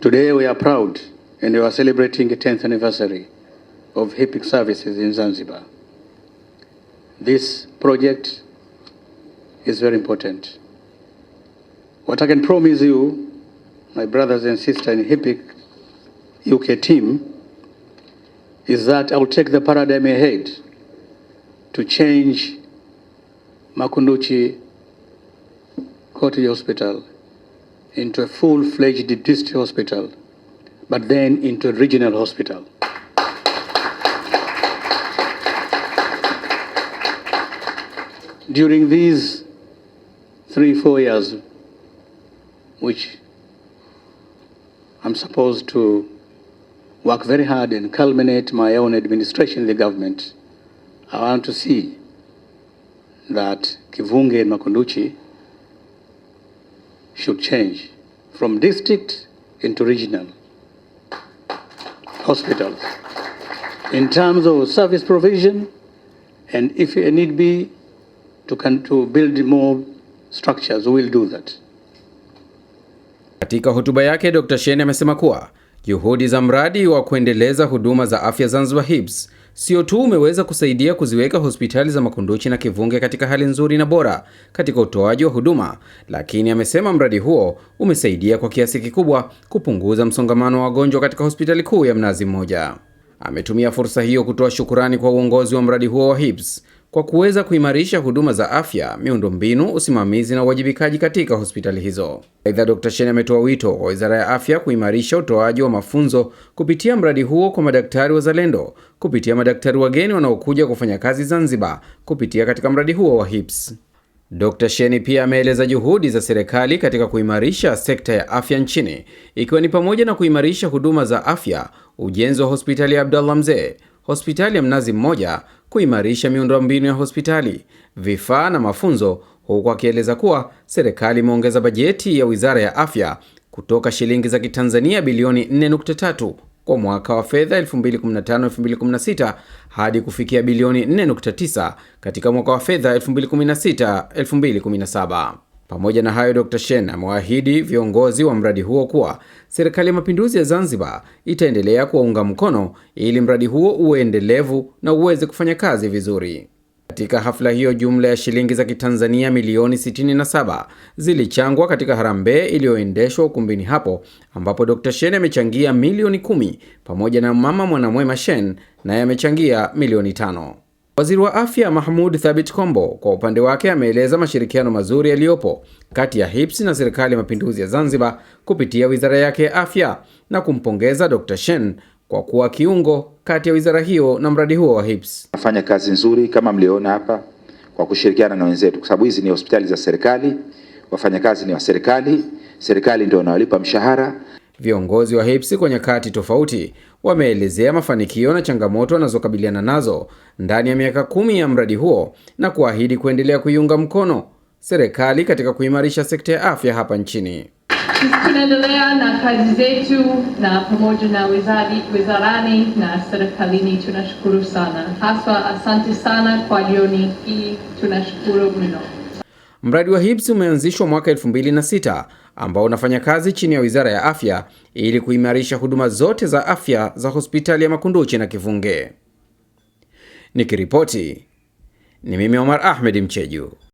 Today we are proud and we are celebrating the 10th anniversary of HIPIC services in Zanzibar. This project is very important. What I can promise you, my brothers and sisters in HIPIC UK team, is that I'll take the paradigm ahead to change Makunduchi County Hospital into a full-fledged district hospital, but then into a regional hospital. During these three, four years, which I'm supposed to work very hard and culminate my own administration in the government, I want to see that Kivunge and Makunduchi should change from district into regional hospitals in terms of service provision and if it need be to, to build more structures, we'll do that. Katika hotuba yake Dr. Shein amesema kuwa Juhudi za mradi wa kuendeleza huduma za afya Zanzibar HIPS sio tu umeweza kusaidia kuziweka hospitali za Makunduchi na Kivunge katika hali nzuri na bora katika utoaji wa huduma, lakini amesema mradi huo umesaidia kwa kiasi kikubwa kupunguza msongamano wa wagonjwa katika hospitali kuu ya Mnazi Mmoja. Ametumia fursa hiyo kutoa shukurani kwa uongozi wa mradi huo wa HIPS kwa kuweza kuimarisha huduma za afya, miundombinu, usimamizi na uwajibikaji katika hospitali hizo. Aidha, Dr. Shein ametoa wito kwa Wizara ya Afya kuimarisha utoaji wa mafunzo kupitia mradi huo kwa madaktari wazalendo kupitia madaktari wageni wanaokuja kufanya kazi Zanzibar kupitia katika mradi huo wa HIPS. Dr. Shein pia ameeleza juhudi za serikali katika kuimarisha sekta ya afya nchini ikiwa ni pamoja na kuimarisha huduma za afya, ujenzi wa hospitali ya Abdallah Mzee hospitali ya Mnazi Mmoja kuimarisha miundombinu ya hospitali, vifaa na mafunzo, huku akieleza kuwa serikali imeongeza bajeti ya Wizara ya Afya kutoka shilingi za Kitanzania bilioni 4.3 kwa mwaka wa fedha 2015-2016 hadi kufikia bilioni 4.9 katika mwaka wa fedha 2016-2017. Pamoja na hayo, Dr. Shein amewaahidi viongozi wa mradi huo kuwa serikali ya mapinduzi ya Zanzibar itaendelea kuwaunga mkono ili mradi huo uwe endelevu na uweze kufanya kazi vizuri. Katika hafla hiyo, jumla ya shilingi za Kitanzania milioni 67 zilichangwa katika harambee iliyoendeshwa ukumbini hapo, ambapo Dr. Shein amechangia milioni 10 pamoja na mama Mwanamwema Shein naye amechangia milioni tano. Waziri wa Afya Mahmoud Thabit Kombo kwa upande wake ameeleza mashirikiano mazuri yaliyopo kati ya HIPS na Serikali ya Mapinduzi ya Zanzibar kupitia wizara yake ya afya na kumpongeza Dr. Shen kwa kuwa kiungo kati ya wizara hiyo na mradi huo wa HIPS. Nafanya kazi nzuri kama mliona hapa kwa kushirikiana na wenzetu, kwa sababu hizi ni hospitali za serikali, wafanyakazi ni wa serikali, serikali ndio inawalipa mshahara, Viongozi wa HEPS kwa nyakati tofauti wameelezea mafanikio na changamoto wanazokabiliana nazo ndani ya miaka kumi ya mradi huo na kuahidi kuendelea kuiunga mkono serikali katika kuimarisha sekta ya afya hapa nchini. Tunaendelea na kazi zetu na pamoja na wizarani, wizarani na serikalini. Tunashukuru sana haswa, asante sana kwa jioni hii, tunashukuru mno. Mradi wa HEPS umeanzishwa mwaka 2006 ambao unafanya kazi chini ya Wizara ya Afya ili kuimarisha huduma zote za afya za hospitali ya Makunduchi na Kifunge. Nikiripoti ni mimi Omar Ahmed Mcheju.